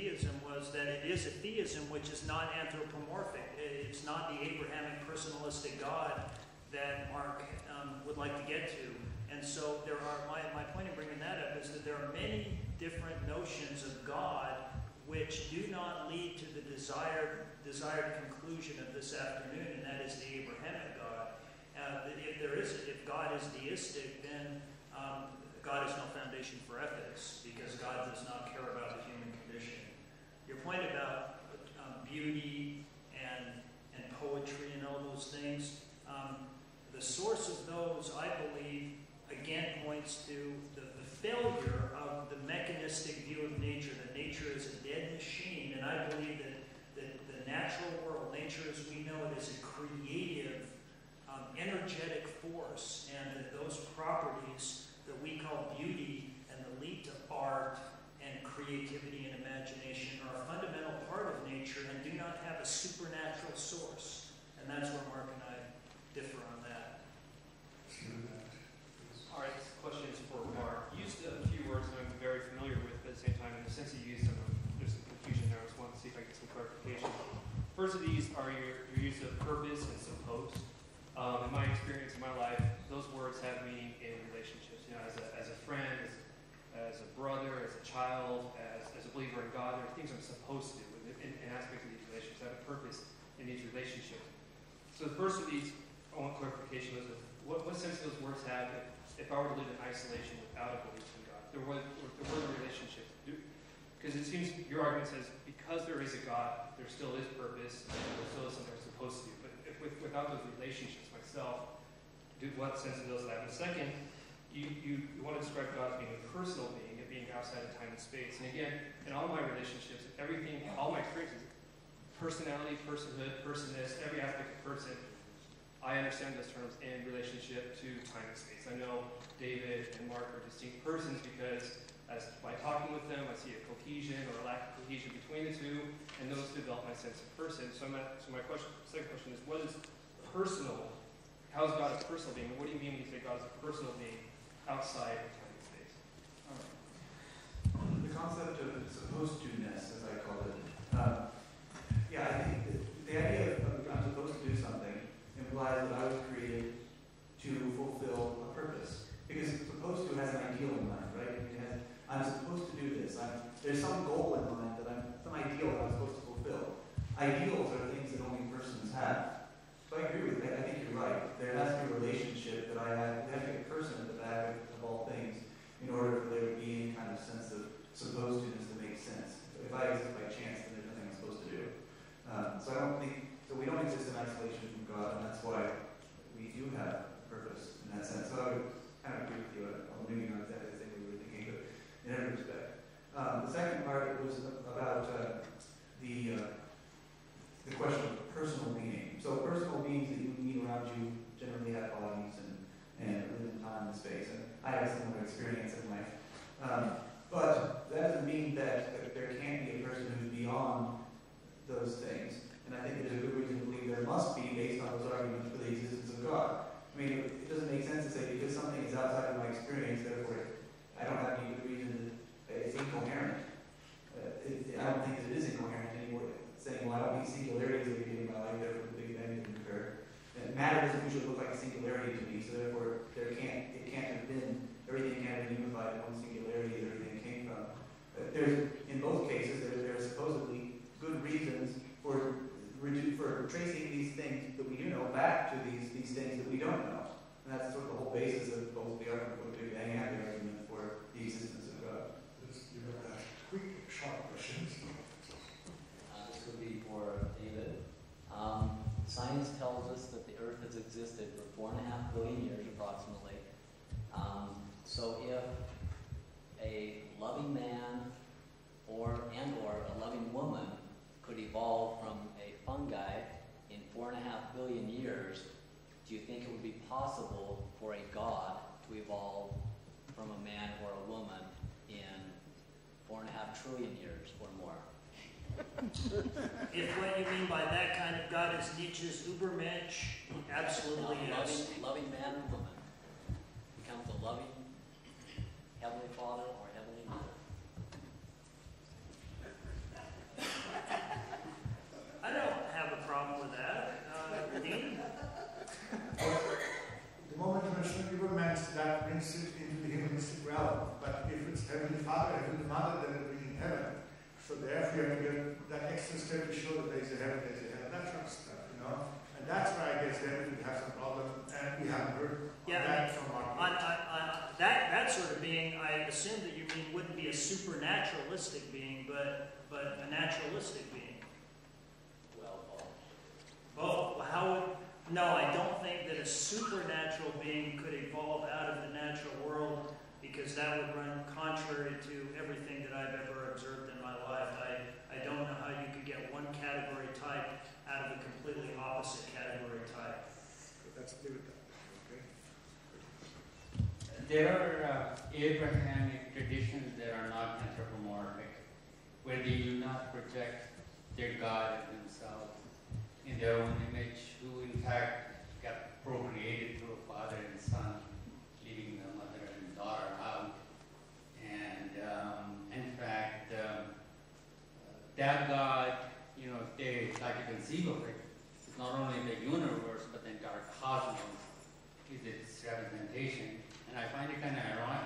theism was that it is a theism which is not anthropomorphic. It's not the Abrahamic personalistic God that Mark um, would like to get to. And so there are, my, my point in bringing that up is that there are many different notions of God which do not lead to the desired, desired conclusion of this afternoon, and that is the Abrahamic God. Uh, if, there is, if God is deistic, then um, God has no foundation for ethics because God does not care about the human your point about um, beauty and and poetry and all those things, um, the source of those, I believe, again points to the, the failure of the mechanistic view of nature. That nature is a dead machine, and I believe that the natural world, nature as we know it, is a creative, um, energetic force, and that those properties that we call beauty and the lead to art creativity and imagination are a fundamental part of nature and do not have a supernatural source. And that's where Mark and I differ on that. All right, this question is for Mark. You used a few words that I'm very familiar with, but at the same time, in the sense you used them, there's some confusion there. I just want to see if I get some clarification. First of these are your, your use of purpose and supposed. Um, in my experience, in my life, those words have meaning in relationships. You know, as a, as a friend, brother, as a child, as, as a believer in God. There are things I'm supposed to do in, in, in aspects of these relationships. I have a purpose in these relationships. So the first of these, I want clarification, Was what, what sense do those words have if, if I were to live in isolation without a belief in God? There were, there were relationships. Because it seems your argument says because there is a God, there still is purpose, and there still is something I'm supposed to do. But if, with, without those relationships myself, do what sense do those have? And second, you, you, you want to describe God as being a personal being being outside of time and space. And again, in all my relationships, everything, all my experiences, personality, personhood, personness, every aspect of person, I understand those terms in relationship to time and space. I know David and Mark are distinct persons because as by talking with them, I see a cohesion or a lack of cohesion between the two, and those develop my sense of person. So, at, so my question, second question is, what is personal? How is God a personal being? What do you mean when you say God is a personal being outside concept of supposed to-ness, as I call it, uh, yeah, I think the, the idea of I'm supposed to do something implies that I was created to fulfill a purpose. Because supposed to has an ideal in mind, right? I it has, I'm supposed to do this. I'm, there's some goal in mind that I'm, some ideal that I'm supposed to fulfill. Ideals are things that only persons have. So I agree with that. I think you're right. There has to be a relationship that I have, there has to be a person at the back of, of all things in order supposed to in this that make sense. If I exist by chance, then there's nothing I'm supposed to do. Um, so I don't think, so we don't exist in isolation from God, and that's why we do have purpose in that sense. So I would kind of agree with you, although maybe not exactly the thing we were thinking, but in every respect. Um, the second part was about uh, the uh, the question of personal meaning. So personal beings that you meet around you generally have bodies and, and live in time and space. And I have similar experience in life. Um, but that doesn't mean that there can't be a person who's beyond those things. And I think there's a good reason to believe there must be based on those arguments for the existence of God. I mean, it doesn't make sense to say because something is outside of my experience, therefore I don't have any good reason it's incoherent. Uh, it, I don't think that it is incoherent anymore. Saying, well, I don't think singularities are beginning my life, therefore the Big Bang didn't occur. And matter doesn't usually look like a singularity to me, so therefore there can't, it can't have been, everything can't have been unified in one singularity in both cases, there, there are supposedly good reasons for, for tracing these things that we do know back to these, these things that we don't know. And that's sort of the whole basis of both the argument, for Big Bang and the argument for the existence of God. You have quick, sharp questions. Uh, this would be for David. Um, science tells us that the Earth has existed for four and a half billion years, approximately. Um, so if a loving man or and or a loving woman could evolve from a fungi in four and a half billion years, do you think it would be possible for a god to evolve from a man or a woman in four and a half trillion years or more? if what you mean by that kind of God is Nietzsche's Übermensch, absolutely yes. Loving, loving man and woman becomes a loving Heavenly Father or that brings it into the humanistic realm. But if it's Heavenly Father, Heavenly Mother, then it'll be in heaven. So therefore, you get that extra step to show that there is a heaven, there is a heaven, that sort of stuff, you know. And that's where I guess then we have some problems, and we haven't heard yeah, that from our on, on, on, that, that sort of being, I assume that you mean wouldn't be a supernaturalistic being, but, but a naturalistic being. Well, both. Both. Well, how would... No, I don't think that a supernatural being could evolve out of the natural world because that would run contrary to everything that I've ever observed in my life. I, I don't know how you could get one category type out of a completely opposite category type. That's with that. Okay. There are uh, Abrahamic traditions that are not anthropomorphic, where they do not project their God themselves in their own image, who in fact got procreated through a father and son, leaving the mother and daughter out. And um, in fact, um, that God, you know, if they like to conceive of it, it's not only the universe, but the entire cosmos is its representation. And I find it kind of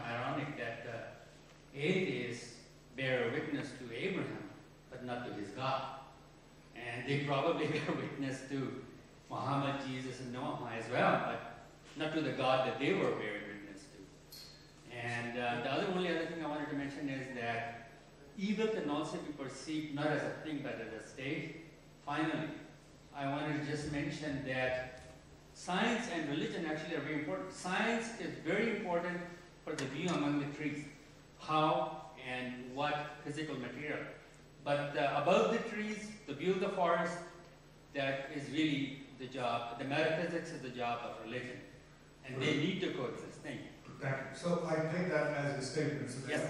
ironic that the atheists bear witness to Abraham, but not to his God they probably were witness to Muhammad, Jesus, and Noah as well, but not to the God that they were bearing witness to. And uh, the other only other thing I wanted to mention is that evil can also be perceived not as a thing but as a state. Finally, I wanted to just mention that science and religion actually are very important. Science is very important for the view among the trees, how and what physical material. But uh, above the trees, to view the forest, that is really the job, the metaphysics is the job of religion. And right. they need to coexist. Thank you. Thank you. So I take that as a statement. So yes.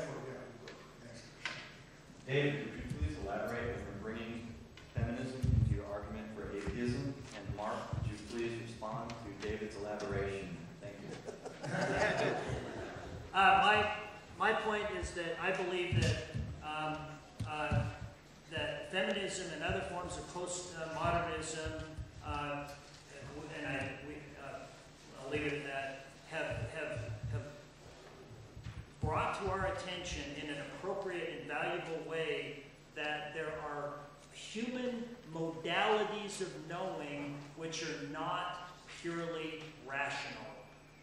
yeah, David, could you please elaborate on bringing feminism into your argument for atheism? And Mark, could you please respond to David's elaboration? Thank you. uh, my, my point is that I believe that um, uh, feminism and other forms of postmodernism, uh, and I, we, will uh, leave it at that, have, have, have brought to our attention in an appropriate and valuable way that there are human modalities of knowing which are not purely rational.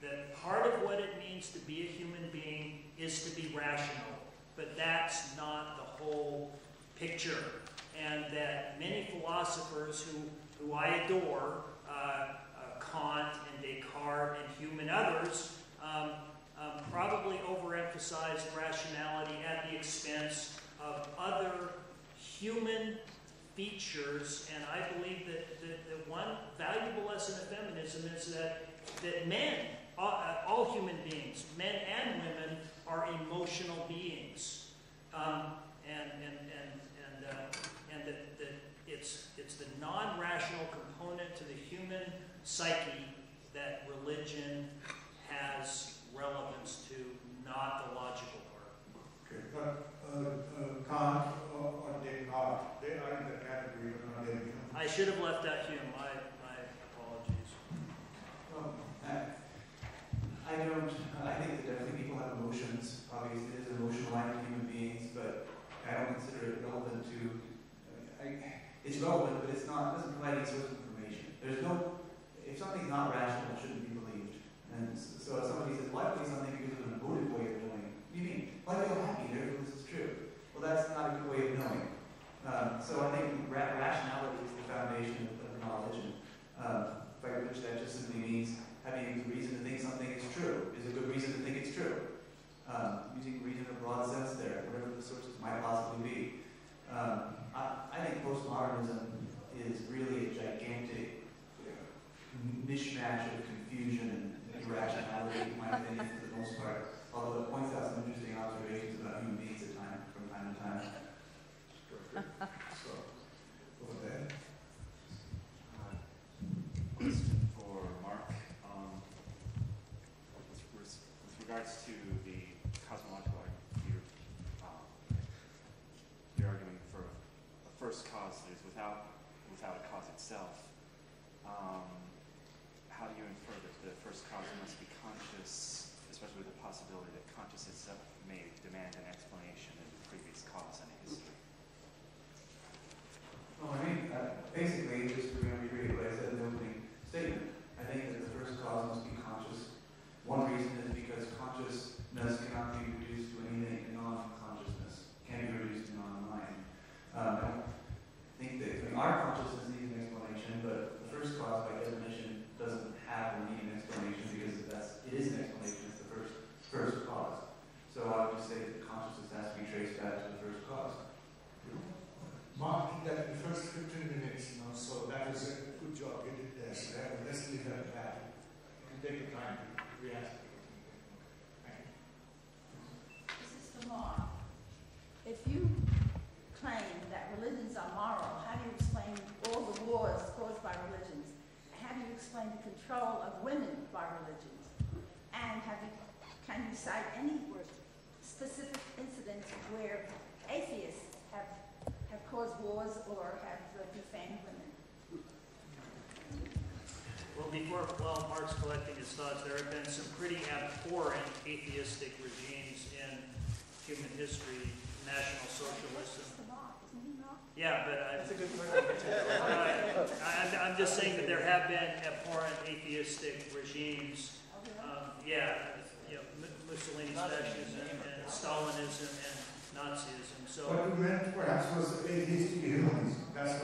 That part of what it means to be a human being is to be rational, but that's not the whole picture and that many philosophers who, who I adore, uh, uh, Kant and Descartes and Hume and others, um, um, probably overemphasized rationality at the expense of other human features. And I believe that, that, that one valuable lesson of feminism is that, that men, all, uh, all human beings, men and women, are emotional beings. Um, and, and, and, and uh, non rational component to the human psyche that religion has relevance to, not the logical part. Okay, but uh, uh, uh, Kant uh, or Descartes, they are in the category of non I should have left out human. my opinion, for the most part. Although it points out some interesting observations about human beings at time, from time to time. So, over there. Uh, question for Mark. Um, with, with regards to the cosmological um, argument, um, you're arguing for a first cause that is without, without a cause itself. back to the first class. Mark did that in the first 15 minutes, you know, so that was a good job you did there. So that, let's leave that at that. You can take the time to react. This is Mark. If you claim that religions are moral, how do you explain all the wars caused by religions? How do you explain the control of women by religions? And have you, can you cite any specific incidents where atheists have, have caused wars or have uh, defamed women? Well, before while Mark's collecting his thoughts, there have been some pretty abhorrent atheistic regimes in human history, National Socialism. Yeah, but I, That's a good I, am just saying that there have been abhorrent atheistic regimes. Um, yeah, you know, Mussolini's fascism and, Stalinism and Nazism. So what he meant perhaps was atheistic humans. That's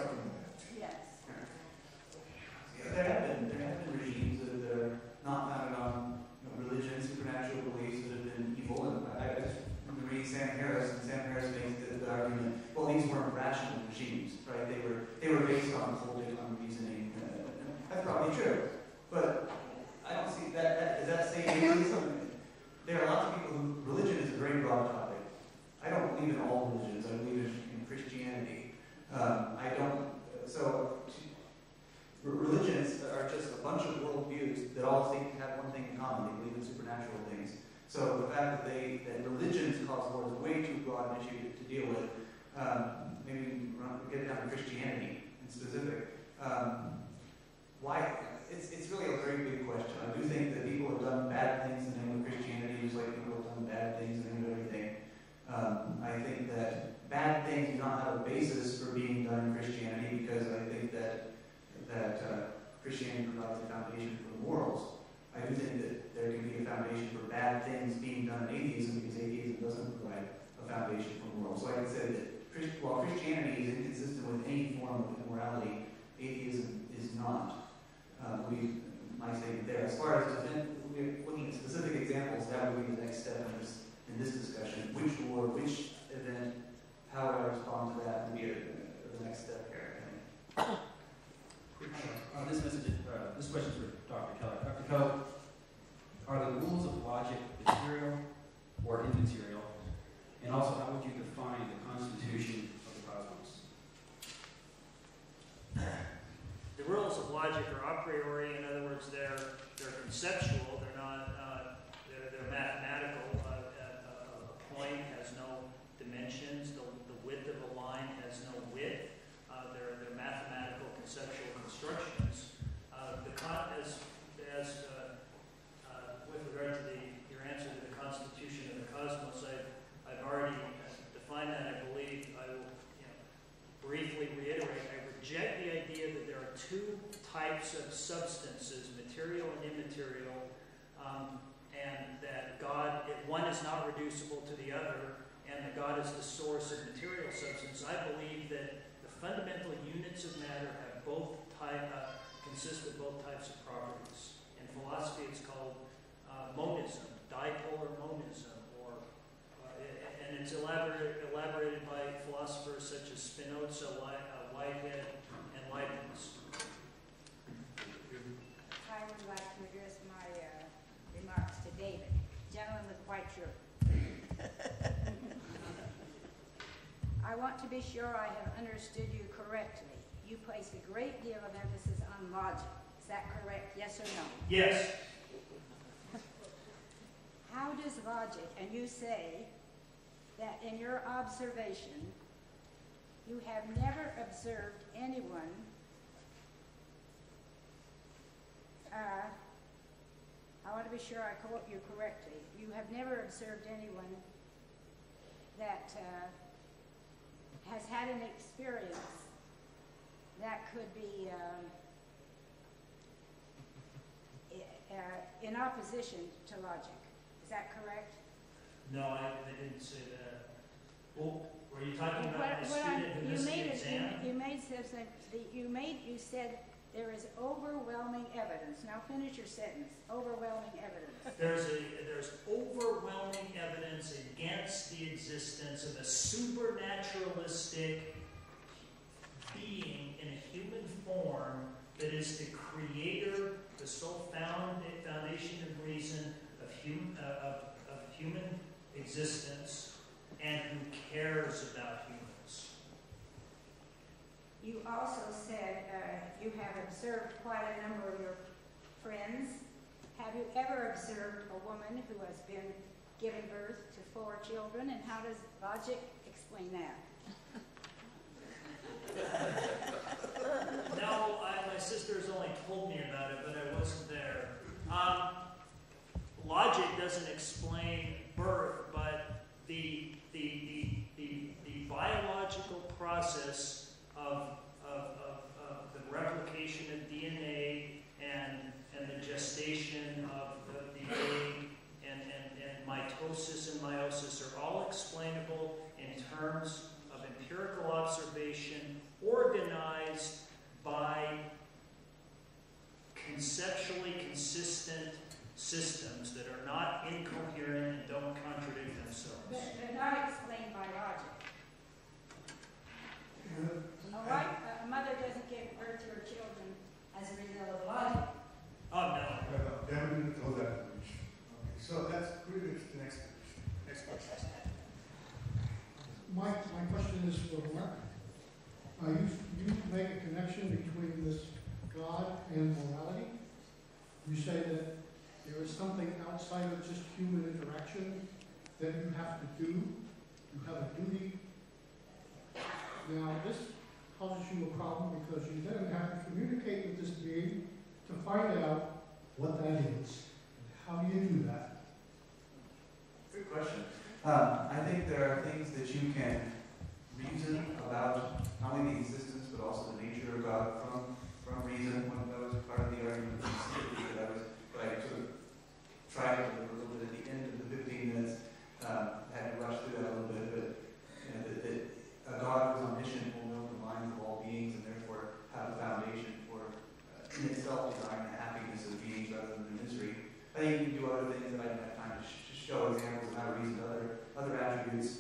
foundation for morals. I do think that there can be a foundation for bad things being done in atheism because atheism doesn't provide a foundation for morals. So I can say that Christ, while Christianity is inconsistent with any form of immorality, atheism is not. Uh, we, might say there. As far as defend, looking at specific examples, that would be the next step in this, in this discussion. Which war, which event, how would I respond to that would be the next step here, Uh, this message, uh, this question is Dr. Keller. Dr. Keller, are the rules of logic material or immaterial? And also, how would you define the constitution of the cosmos? The rules of logic are a priori. In other words, they're they're conceptual. They're not. Uh, they're, they're mathematical. Uh, a, uh, a point has no dimensions. The, the width of a line has no width. Uh, they're they're mathematical conceptual constructions. substance, I believe that the fundamental units of matter have both type, uh, consist of both types of properties. In philosophy, it's called uh, monism, dipolar monism, or uh, and it's elaborate, elaborated by philosophers such as Spinoza, uh, Whitehead, and Leibniz. I want to be sure I have understood you correctly. You place a great deal of emphasis on logic. Is that correct? Yes or no? Yes. How does logic, and you say that in your observation, you have never observed anyone uh, I want to be sure I quote you correctly. You have never observed anyone that uh, has had an experience that could be um, uh, in opposition to logic. Is that correct? No, I, I didn't say that. Well, were you talking about what, the student You made, you made, you said there is overwhelming evidence. Now finish your sentence. Overwhelming evidence. There's, a, there's overwhelming evidence against the existence of a supernaturalistic being in a human form that is the creator, the sole found, foundation of reason of, hum, uh, of, of human existence, and who cares about human you also said uh, you have observed quite a number of your friends. Have you ever observed a woman who has been given birth to four children, and how does logic explain that? no, I, my sisters only told me about it, but I wasn't there. Um, logic doesn't explain birth, but the, the, the, the, the biological process of, of, of, of the replication of DNA and, and the gestation of the, the egg and, and, and mitosis and meiosis are all explainable in terms of empirical observation organized by conceptually consistent systems that are not incoherent and don't contradict themselves. But they're not explained by logic. A wife, uh, a mother doesn't give birth to her children as a result of lying. Oh, no. Yeah, we didn't know that Okay, so that's pretty much the next question. Next question. My, my question is for Mark. Uh, you, you make a connection between this God and morality. You say that there is something outside of just human interaction that you have to do. You have a duty. Now, this causes you a problem because you then have to communicate with this being to find out what that is. How do you do that? Good question. Um, I think there are things that you can reason about not only the existence but also the nature of God from, from reason. One of those part of the argument from that I was like sort of tried to a little bit at the end of the 15 minutes. Um, I had to rush through that a little bit, but you know, that, that God was omniscient result is the happiness of beings, rather than the misery. I think you can do other things that I didn't have time to, sh- to show examples of how to reason other, other attributes.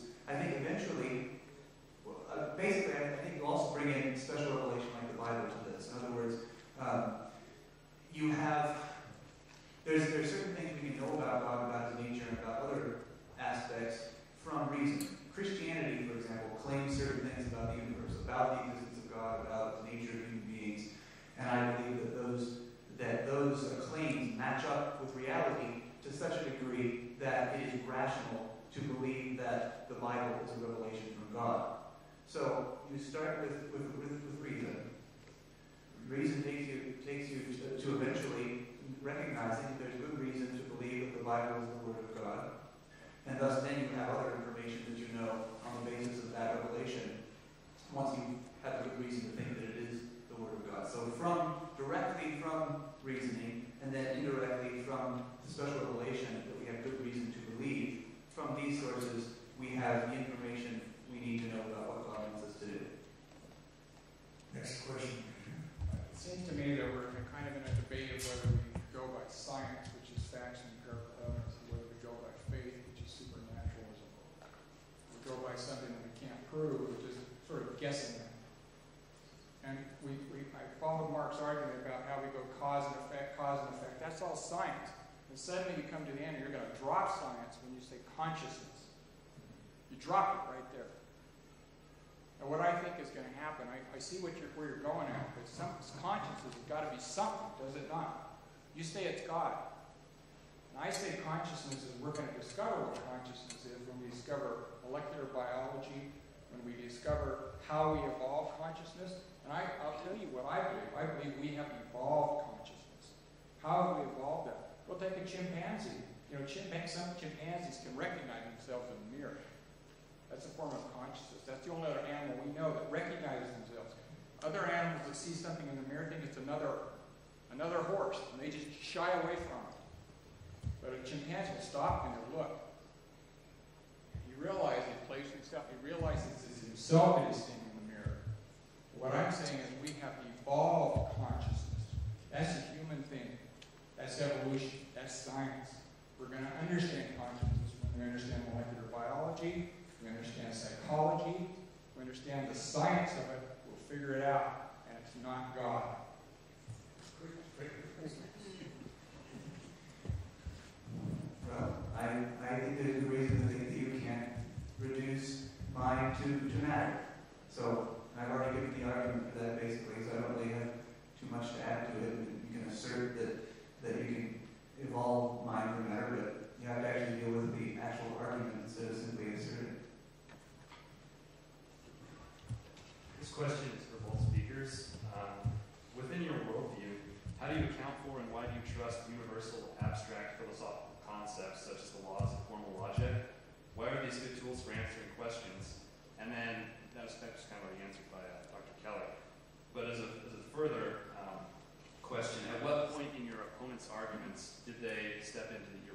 say consciousness. You drop it right there. And what I think is going to happen, I, I see what you're, where you're going at, but some conscience has got to be something, does it not? You say it's God. And I say consciousness is we're going to discover what consciousness is when we discover molecular biology, when we discover how we evolve consciousness. And I, I'll tell you what I believe. I believe we have evolved consciousness. How have we evolved that? We'll take a chimpanzee. You know, some chimpanzees can recognize themselves in the mirror. That's a form of consciousness. That's the only other animal we know that recognizes themselves. Other animals that see something in the mirror think it's another, another horse, and they just shy away from it. But a chimpanzee will stop and they'll look. He realizes he's placed himself. He realizes it's himself that is seeing in the mirror. What I'm saying is we have evolved consciousness. That's a human thing. That's evolution. That's science we're going to understand consciousness going we understand molecular biology, we understand psychology, we understand the science of it, we'll figure it out, and it's not God. Well, I, I think there's a reason to think that you can't reduce mind to, to matter. So I've already given the argument for that basically, so I don't really have too much to add to it. You can assert that, that you can evolve mind from but you have to actually deal with the actual argument instead of simply asserting. This question is for both speakers. Um, within your worldview, how do you account for and why do you trust universal abstract philosophical concepts such as the laws of formal logic? Why are these good tools for answering questions? And then that's, that's kind of the answer. did they step into the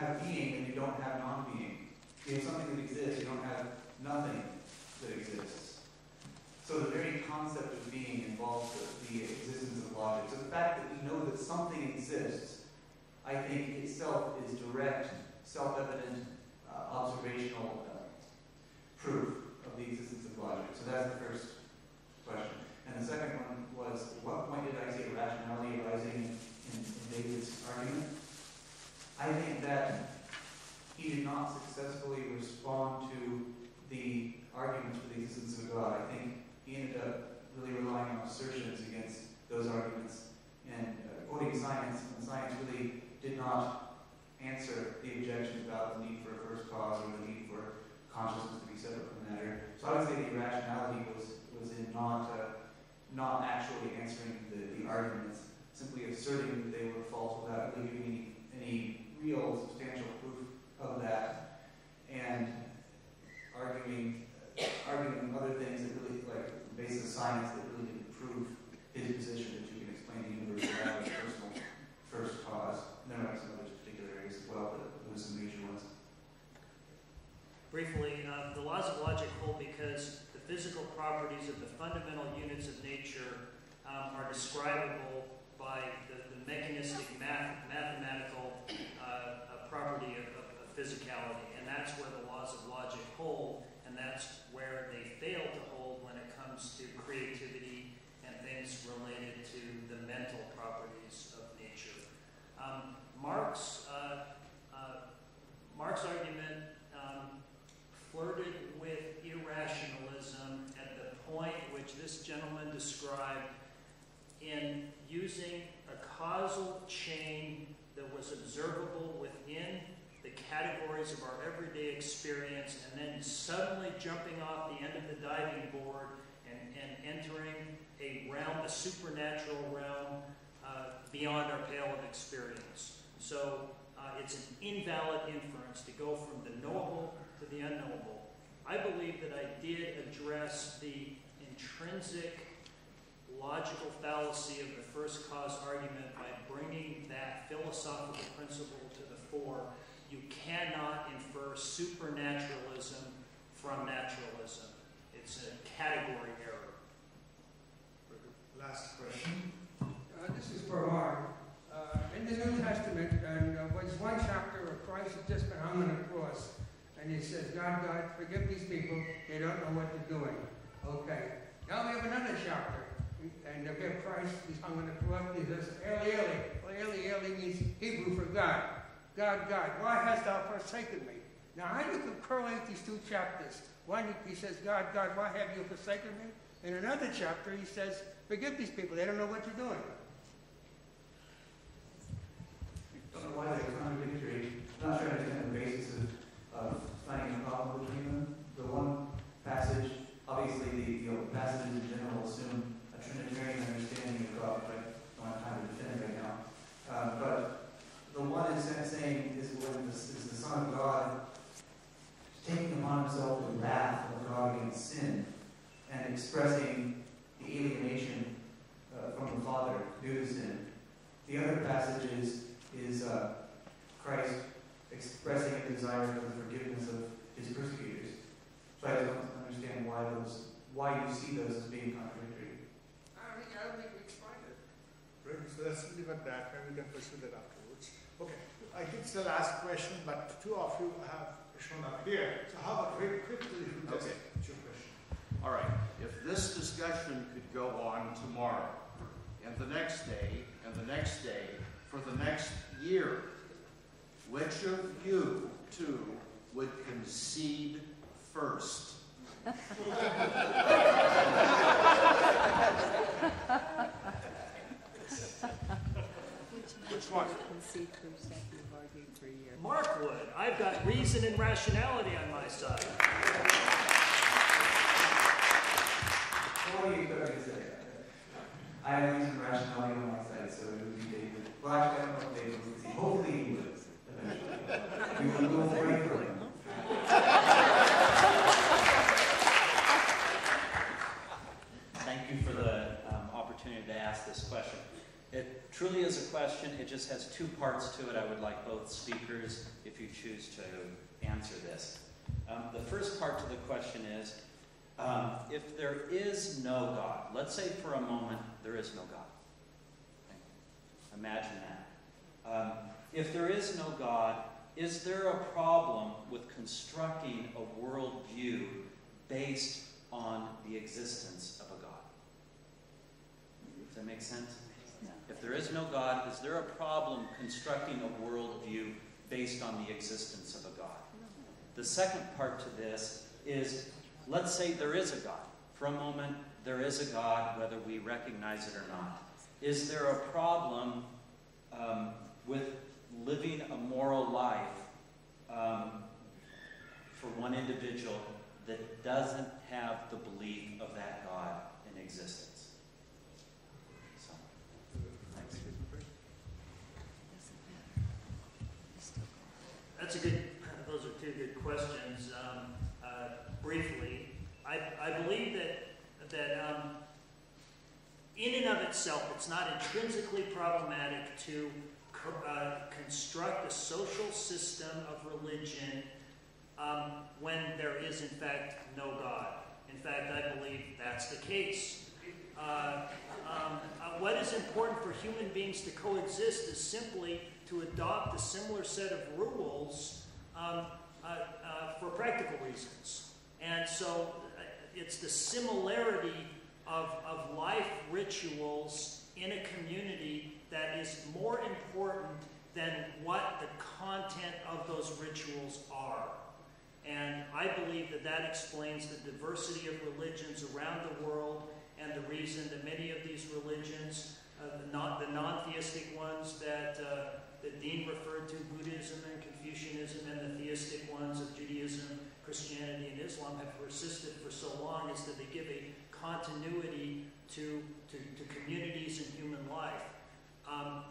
have being and you don't have non-being. You have something that exists, you don't have nothing that exists. So the very concept of being involves the, the existence of logic. So the fact that we know that something exists, I think itself is direct, self-evident, uh, observational uh, proof of the existence of logic. So that's the first question. And the second one was, at what point did I see rationality arising in, in David's argument? I think that he did not successfully respond to the arguments for the existence of God. I think he ended up really relying on assertions against those arguments and uh, quoting science, and science really did not answer the objections about the need for a first cause or the need for consciousness to be separate from matter. So I would say the irrationality was, was in not, uh, not actually answering the, the arguments, simply asserting that they were false without really giving any, any real substantial proof of that, and arguing arguing other things that really, like the basis of science that really didn't prove his position that you can explain the universe without a personal first cause. And there might be some other particular areas as well, but those are some major ones. Briefly, uh, the laws of logic hold because the physical properties of the fundamental units of nature um, are describable that's where the laws of logic hold, and that's where they fail to hold when it comes to creativity and things related to the mental properties of nature. Um, Marx, uh, uh, Marx's argument um, flirted with irrationalism at the point which this gentleman described in using a causal chain that was observable within the categories of our everyday experience, and then suddenly jumping off the end of the diving board and, and entering a realm, a supernatural realm uh, beyond our pale of experience. So uh, it's an invalid inference to go from the knowable to the unknowable. I believe that I did address the intrinsic logical fallacy of the first cause argument by bringing that philosophical principle to the fore you cannot infer supernaturalism from naturalism. It's a category error. Last question. Uh, this is for Uh, in the New Testament, and uh, was one chapter where Christ has just been hung on a cross, and he says, God, God, forgive these people. They don't know what they're doing. Okay. Now we have another chapter. And again, uh, Christ is hung on the cross. He says, Eli, Eli. Well, Eli, Eli means Hebrew for God. God, God, why hast thou forsaken me? Now I look you correlate these two chapters. One, he says, God, God, why have you forsaken me? In another chapter, he says, forgive these people. They don't know what you're doing. would concede first. Which one? Mark would. I've got reason and rationality on my side. I have reason and rationality on my side, so it would be David. Well, actually, I don't know if David would. Hopefully, he would. we will go for truly is a question. It just has two parts to it. I would like both speakers, if you choose to answer this. Um, the first part to the question is um, if there is no God, let's say for a moment there is no God. Okay. Imagine that. Um, if there is no God, is there a problem with constructing a worldview based on the existence of a God? Does that make sense? If there is no God, is there a problem constructing a worldview based on the existence of a God? The second part to this is let's say there is a God. For a moment, there is a God, whether we recognize it or not. Is there a problem um, with living a moral life um, for one individual that doesn't have the belief of that God in existence? that's a good, those are two good questions. Um, uh, briefly, I, I believe that, that um, in and of itself, it's not intrinsically problematic to co uh, construct a social system of religion um, when there is, in fact, no God. In fact, I believe that's the case. Uh, um, uh, what is important for human beings to coexist is simply to adopt a similar set of rules um, uh, uh for practical reasons. And so uh, it's the similarity of, of life rituals in a community that is more important than what the content of those rituals are. And I believe that that explains the diversity of religions around the world and the reason that many of these religions, uh, the, non, the non-theistic ones that, uh, that Dean referred to, Buddhism and Confucianism, and the theistic ones of Judaism, Christianity, and Islam, have persisted for so long is that they give a continuity to, to, to communities and human life. Um,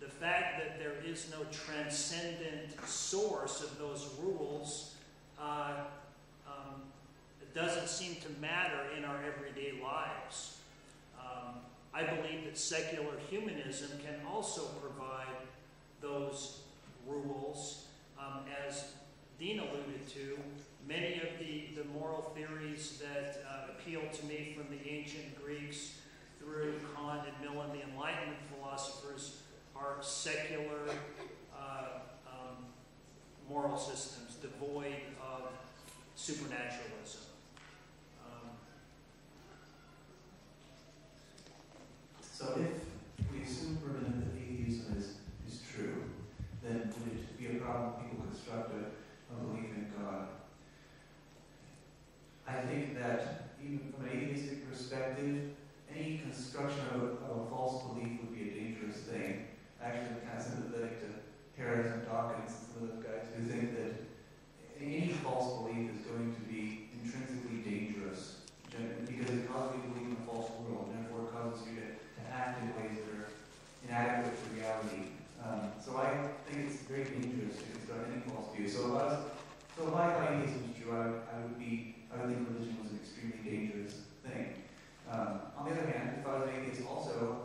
the fact that there is no transcendent source of those rules uh, doesn't seem to matter in our everyday lives. Um, I believe that secular humanism can also provide those rules. Um, as Dean alluded to, many of the, the moral theories that uh, appeal to me from the ancient Greeks through Kant and Mill and the Enlightenment philosophers are secular uh, um, moral systems devoid of supernaturalism. So if we assume for a minute that atheism is, is true, then would it be a problem if people construct a, a belief in God? I think that even from an atheistic perspective, any construction of a, of a false belief would be a dangerous thing. Actually, I'm kind of sympathetic to Harris and Dawkins and some of those guys who think that any false belief is going to inadequate to reality. Um, so I think it's very dangerous if it's done any false view. So was, so my point was true, I, I, would be, I would think religion was an extremely dangerous thing. Um, on the other hand, if I was atheist also,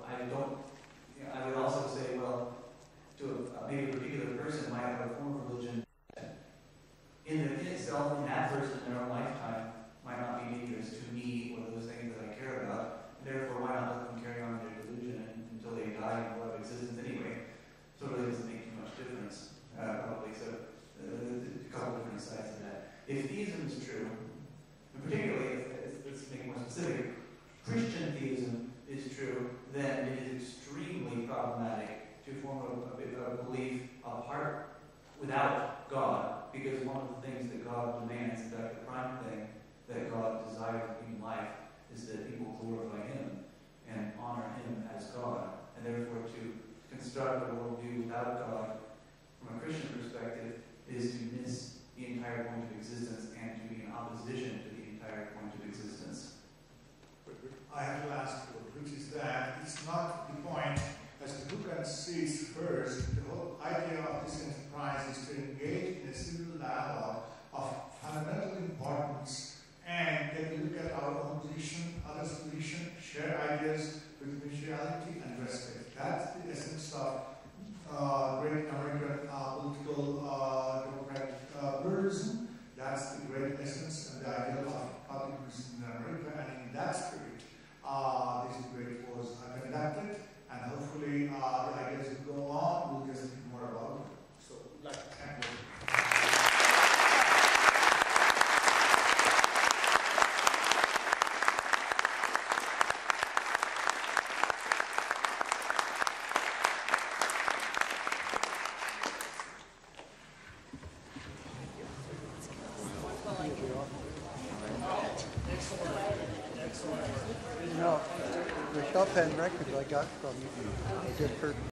start a worldview without God, from a Christian perspective, is to miss the entire point of existence and to be in opposition to the entire point of existence. I have to ask, which is that it's not the point, as the book concedes first, from hurt.